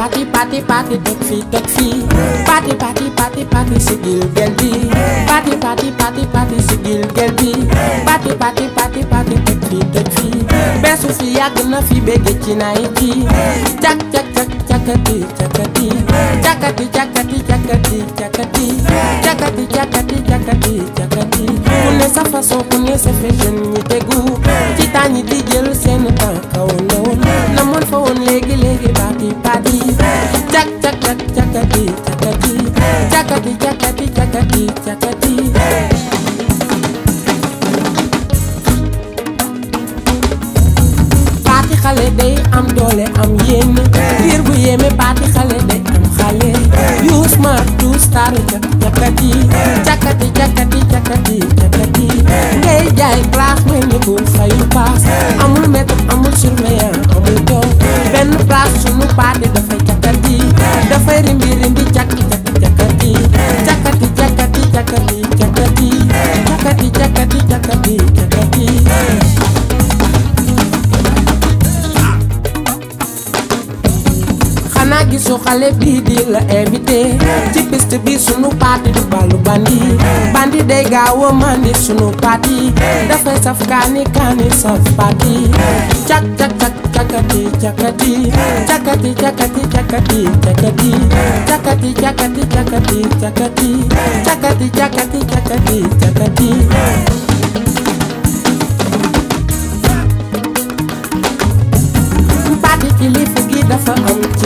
party, party, party, taxi, taxi. Party, party, party, party, sigil, geldi. Party, party, party, party, sigil, gelbi. Party, party, party, party, taxi, taxi. Besu fi yagna fi bege chinaiti. Chak, chak, chak, chakati, chakati. Chakati, chakati, chakati, chakati. Chakati, chakati, chakati, chakati. Kune sa façon, kune sa fashion, ni tegu. Chitani di jelu sen tanka ono. Namon fa on legi legi party, party. chakati chakati chakati chakati chakati chakati paati xale day am doole am yéen biir bu yéeme paati xale day am xale you smart you star chakati chakati chakati chakati chakati ngay jaay classe mooy ñu ko fayu paas amul métti xanaa so xale bii di la invité ci piste bi sunu parti du balu bandi bandi de manis a sunu parti dafay saf kani kani saf parti cak cak cak chakati chakati chakati chakati chakati chakati chakati chakati chakati chakati chakati chakati chakati chakati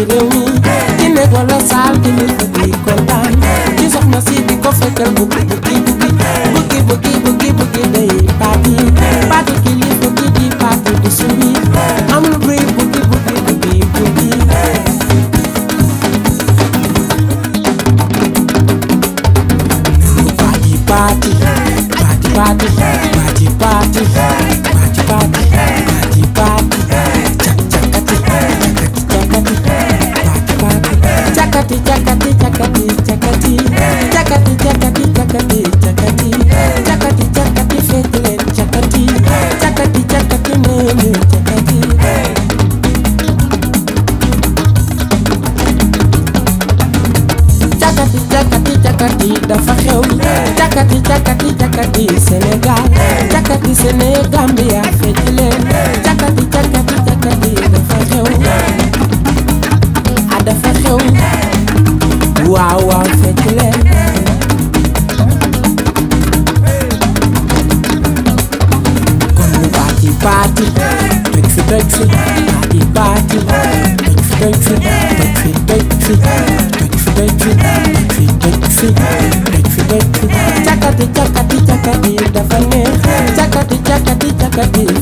jëlee wu di nekk wala saal di nekk di kontaan ci soxna si di ko fekkal bu bukki bukki bukki bukki bukki day paati paati kilif bukki di paati di suñu am lu bëri bukki bukki bukki bukki. paati paati paati paati paati paati paati. càkkati dafa xew càkkati càkkati càkkati Sénégal càkkati Sénégambia fecc leen càkkati càkkati càkkati dafa xew a ah, dafa xew waaw waaw fecc leen kon nu baati baati tëgg si tëgg si baati baati tëgg si tëgg si tëgg si tëgg si Chakati chakati chakati chakati chakati chakati chakati chakati